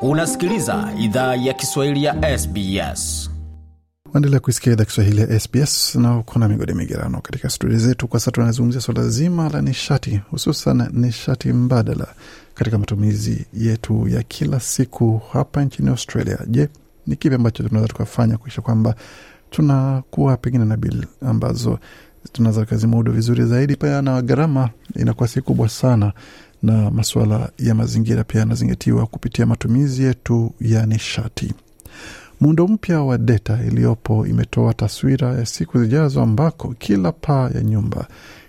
unasikiliza idhaa ya kiswahili ya sbs waendelea kuisikia idhaa kiswahili ya sbs na ukona migodi migerano katika studio zetu kwa sasa tunazungumzia swala zima la nishati hususan nishati mbadala katika matumizi yetu ya kila siku hapa nchini australia je ni kipi ambacho tunaweza tukafanya kuisha kwamba tunakuwa pengine na bili ambazo tunaweza kazimudu vizuri zaidi pa na gharama inakuwa si kubwa sana na masuala ya mazingira pia yanazingatiwa kupitia matumizi yetu ya nishati. Muundo mpya wa deta iliyopo imetoa taswira ya siku zijazo ambako kila paa ya nyumba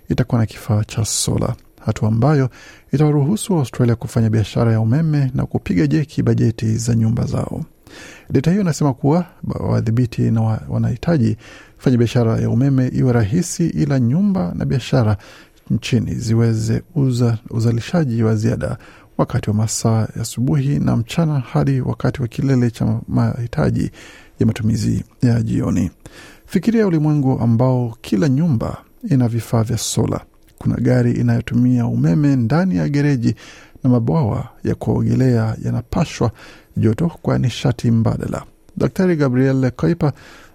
itakuwa na kifaa cha sola, hatua ambayo itawaruhusu Australia kufanya biashara ya umeme na kupiga jeki bajeti za nyumba zao. deta hiyo inasema kuwa wadhibiti na wanahitaji fanya biashara ya umeme iwe rahisi, ila nyumba na biashara nchini ziweze uza, uzalishaji wa ziada wakati wa masaa ya asubuhi na mchana hadi wakati wa kilele cha mahitaji ya matumizi ya jioni. Fikiria ulimwengu ambao kila nyumba ina vifaa vya sola, kuna gari inayotumia umeme ndani ya gereji na mabwawa ya kuogelea yanapashwa joto kwa nishati mbadala. Daktari Gabriel Kuiper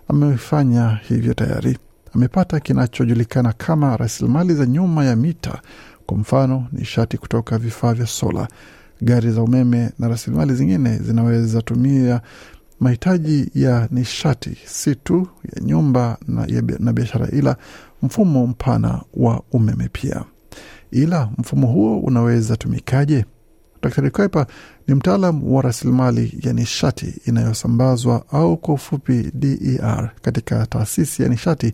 amefanya hivyo tayari amepata kinachojulikana kama rasilimali za nyuma ya mita, kwa mfano nishati kutoka vifaa vya sola, gari za umeme na rasilimali zingine zinaweza tumia mahitaji ya nishati si tu ya nyumba na, na biashara, ila mfumo mpana wa umeme pia. Ila mfumo huo unaweza tumikaje? Daktari Kuiper ni mtaalam wa rasilimali ya nishati inayosambazwa au kwa ufupi DER katika taasisi ya nishati,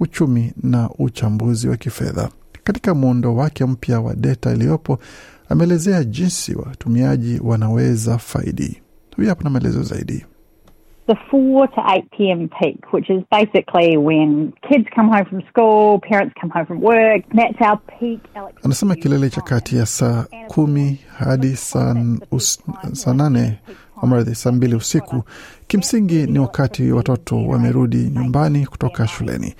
uchumi na uchambuzi wa kifedha. Katika muundo wake mpya wa deta iliyopo, ameelezea jinsi watumiaji wanaweza faidi. Huyu hapa na maelezo zaidi the 4 to 8 p.m. peak, which is basically when kids come home from school, parents come home from work. That's our peak electricity. Anasema kilele cha kati ya saa kumi hadi saa saa nane amradhi, saa mbili usiku kimsingi ni wakati watoto wamerudi nyumbani kutoka shuleni,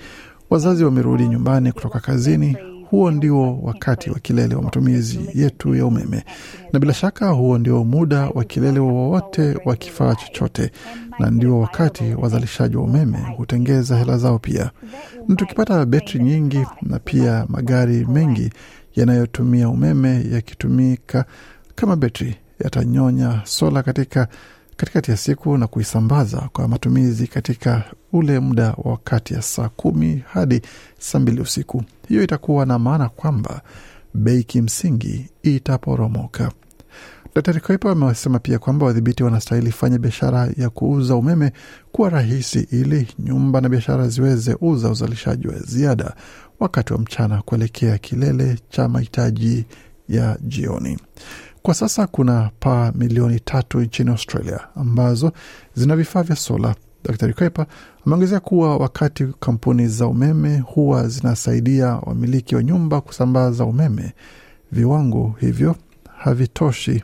wazazi wamerudi nyumbani kutoka kazini, huo ndio wakati wa kilele wa matumizi yetu ya umeme, na bila shaka huo ndio muda wa kilele wowote wa kifaa chochote, na ndio wakati wazalishaji wa umeme hutengeza hela zao pia. Na tukipata betri nyingi na pia magari mengi yanayotumia umeme yakitumika kama betri, yatanyonya sola katika katikati ya siku na kuisambaza kwa matumizi katika ule muda wa kati ya saa kumi hadi saa mbili usiku. Hiyo itakuwa na maana kwamba bei kimsingi itaporomoka. Daktari Koipa amesema pia kwamba wadhibiti wanastahili fanya biashara ya kuuza umeme kuwa rahisi ili nyumba na biashara ziweze uza uzalishaji wa ziada wakati wa mchana kuelekea kilele cha mahitaji ya jioni. Kwa sasa kuna paa milioni tatu nchini Australia ambazo zina vifaa vya sola Daktari Kwepa ameongezea kuwa wakati kampuni za umeme huwa zinasaidia wamiliki wa nyumba kusambaza umeme, viwango hivyo havitoshi.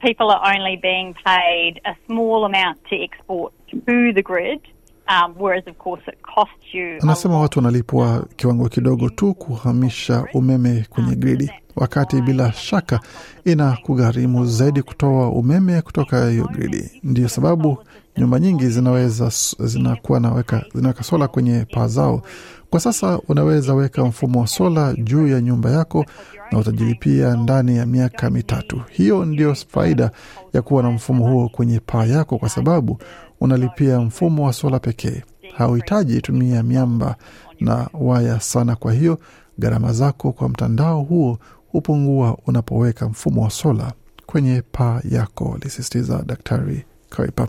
People are only being paid a small amount to export to the grid. Um, whereas of course it costs you... Anasema watu wanalipwa kiwango kidogo tu kuhamisha umeme kwenye gridi, wakati bila shaka ina kugharimu zaidi kutoa umeme kutoka hiyo gridi. Ndiyo sababu Nyumba nyingi zinaweza zinakuwa naweka zinaweka sola kwenye paa zao. Kwa sasa unaweza weka mfumo wa sola juu ya nyumba yako na utajilipia ndani ya miaka mitatu. Hiyo ndio faida ya kuwa na mfumo huo kwenye paa yako, kwa sababu unalipia mfumo wa sola pekee, hauhitaji tumia miamba na waya sana. Kwa hiyo gharama zako kwa mtandao huo hupungua unapoweka mfumo wa sola kwenye paa yako, alisisitiza Daktari Kuiper.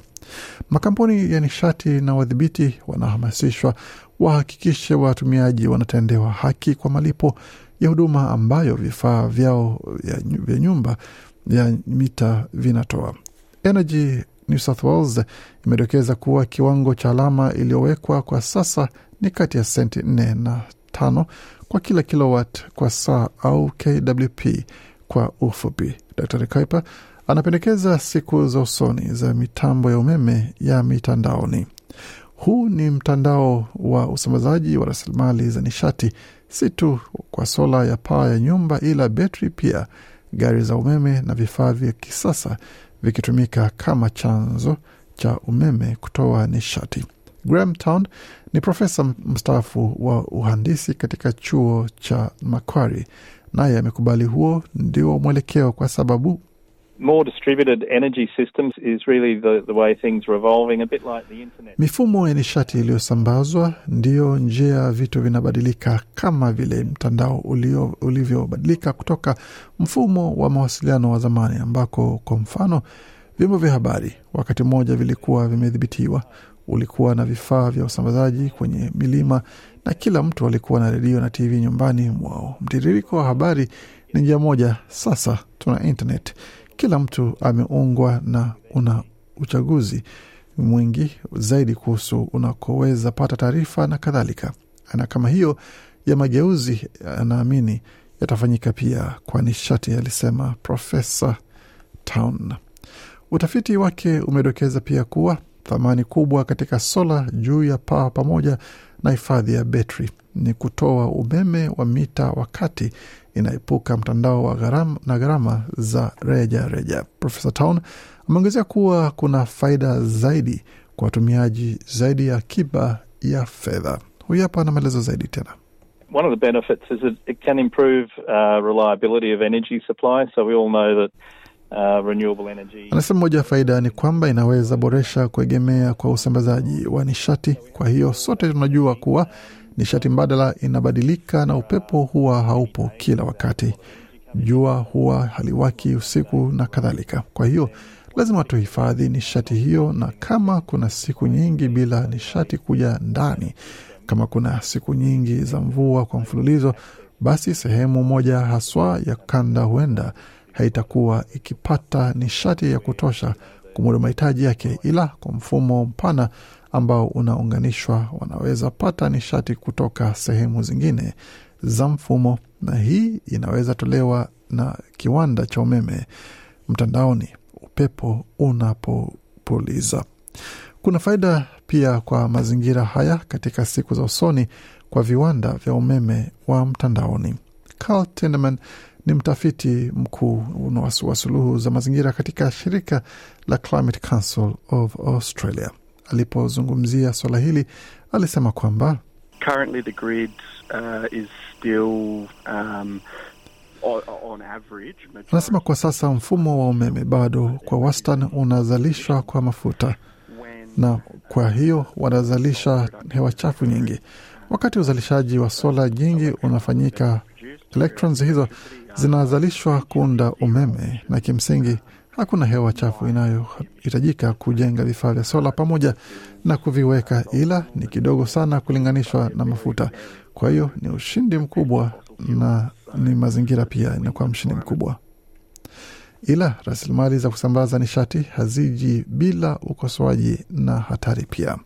Makampuni ya nishati na wadhibiti wanahamasishwa wahakikishe watumiaji wanatendewa haki kwa malipo ya huduma ambayo vifaa vyao vya nyumba ya mita vinatoa. Energy New South Wales imedokeza kuwa kiwango cha alama iliyowekwa kwa sasa ni kati ya senti 4 na 5 kwa kila kilowat kwa saa au KWP kwa ufupi. Dr. Kuiper anapendekeza siku za usoni za mitambo ya umeme ya mitandaoni. Huu ni mtandao wa usambazaji wa rasilimali za nishati, si tu kwa sola ya paa ya nyumba, ila betri pia, gari za umeme na vifaa vya kisasa vikitumika kama chanzo cha umeme kutoa nishati. Graham Town ni profesa mstaafu wa uhandisi katika chuo cha Macquarie, naye amekubali huo ndio mwelekeo, kwa sababu Mifumo ya nishati iliyosambazwa ndiyo njia vitu vinabadilika, kama vile mtandao ulivyobadilika kutoka mfumo wa mawasiliano wa zamani, ambako kwa mfano vyombo vya habari wakati mmoja vilikuwa vimedhibitiwa. Ulikuwa na vifaa vya usambazaji kwenye milima na kila mtu alikuwa na redio na TV nyumbani mwao. Mtiririko wa habari ni njia moja. Sasa tuna internet kila mtu ameungwa na una uchaguzi mwingi zaidi kuhusu unakoweza pata taarifa na kadhalika. na kama hiyo ya mageuzi anaamini yatafanyika pia kwa nishati, alisema Profesa Town. Utafiti wake umedokeza pia kuwa thamani kubwa katika sola juu ya paa pamoja na hifadhi ya betri ni kutoa umeme wa mita wakati inaepuka mtandao wa gharama, na gharama za reja reja. Profesa Town ameongezea kuwa kuna faida zaidi kwa watumiaji zaidi ya akiba ya fedha. Huyu hapa ana maelezo zaidi tena. One of the benefits is it can improve uh, reliability of energy supply. So we all know that Uh, renewable energy. Anasema moja ya faida ni kwamba inaweza boresha kuegemea kwa usambazaji wa nishati. Kwa hiyo sote tunajua kuwa Nishati mbadala inabadilika na upepo huwa haupo kila wakati, jua huwa haliwaki usiku na kadhalika. Kwa hiyo lazima tuhifadhi nishati hiyo, na kama kuna siku nyingi bila nishati kuja ndani, kama kuna siku nyingi za mvua kwa mfululizo, basi sehemu moja haswa ya kanda huenda haitakuwa ikipata nishati ya kutosha kumudu mahitaji yake, ila kwa mfumo mpana ambao unaunganishwa wanaweza pata nishati kutoka sehemu zingine za mfumo, na hii inaweza tolewa na kiwanda cha umeme mtandaoni upepo unapopuliza. Kuna faida pia kwa mazingira haya katika siku za usoni kwa viwanda vya umeme wa mtandaoni. Carl Tinderman ni mtafiti mkuu wa suluhu za mazingira katika shirika la Climate Council of Australia. Alipozungumzia swala hili, alisema kwamba currently the grid uh, is still um, Anasema kwa sasa mfumo wa umeme bado kwa wastani unazalishwa kwa mafuta, na kwa hiyo wanazalisha hewa chafu nyingi. Wakati uzalishaji wa sola nyingi unafanyika, electrons hizo zinazalishwa kuunda umeme, na kimsingi hakuna hewa chafu inayohitajika kujenga vifaa vya sola pamoja na kuviweka, ila ni kidogo sana kulinganishwa na mafuta. Kwa hiyo ni ushindi mkubwa na ni mazingira pia inakuwa mshindi mkubwa, ila rasilimali za kusambaza nishati haziji bila ukosoaji na hatari pia.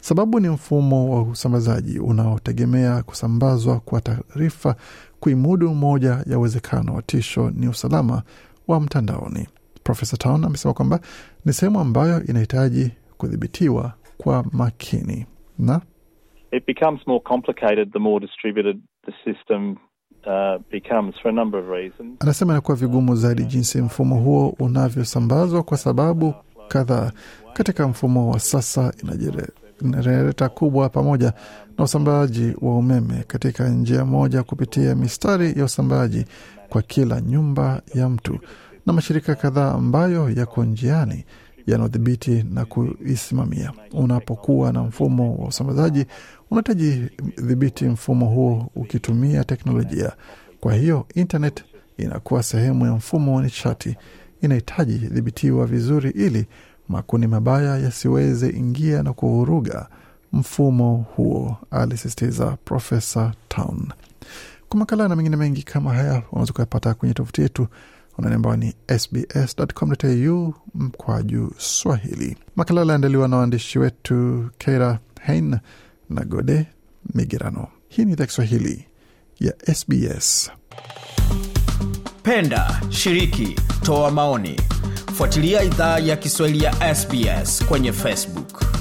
Sababu ni mfumo wa usambazaji unaotegemea kusambazwa kwa taarifa kuimudu moja ya uwezekano wa tisho ni usalama wa mtandaoni. Profesa Town amesema kwamba ni sehemu ambayo inahitaji kudhibitiwa kwa makini na it becomes more complicated the more distributed the system Uh, becomes for a number of reasons. Anasema inakuwa vigumu zaidi jinsi mfumo huo unavyosambazwa kwa sababu kadhaa. Katika mfumo wa sasa inaleta kubwa pamoja na usambazaji wa umeme katika njia moja kupitia mistari ya usambazaji kwa kila nyumba ya mtu na mashirika kadhaa ambayo yako njiani yanaodhibiti na kuisimamia. Unapokuwa na mfumo wa usambazaji, unahitaji dhibiti mfumo huo ukitumia teknolojia. Kwa hiyo internet inakuwa sehemu ya mfumo wa nishati, inahitaji dhibitiwa vizuri ili makuni mabaya yasiweze ingia na kuvuruga mfumo huo, alisisitiza Profesa Town. Kwa makala na mengine mengi kama haya unaweza kuyapata kwenye tovuti yetu Anwani ambao ni sbs.com.au mkwaju swahili. Makala aliandaliwa na waandishi wetu kera Hein na Gode Migerano. Hii ni idhaa Kiswahili ya SBS. Penda, shiriki, toa maoni, fuatilia idhaa ya Kiswahili ya SBS kwenye Facebook.